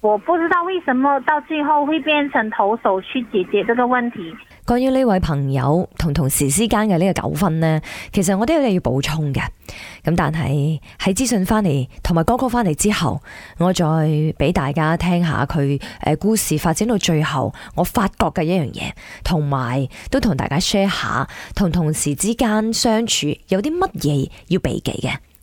我不知道為什麼到最後會變成投手去解決這個問題。關於呢位朋友同同事之間嘅呢個糾紛呢，其實我都有嘢要補充嘅。咁但係喺資訊翻嚟同埋歌曲翻嚟之後，我再俾大家聽下佢，誒，故事發展到最後，我發覺嘅一樣嘢，同埋都同大家 share 下，同同事之間相處有啲乜嘢要避忌嘅。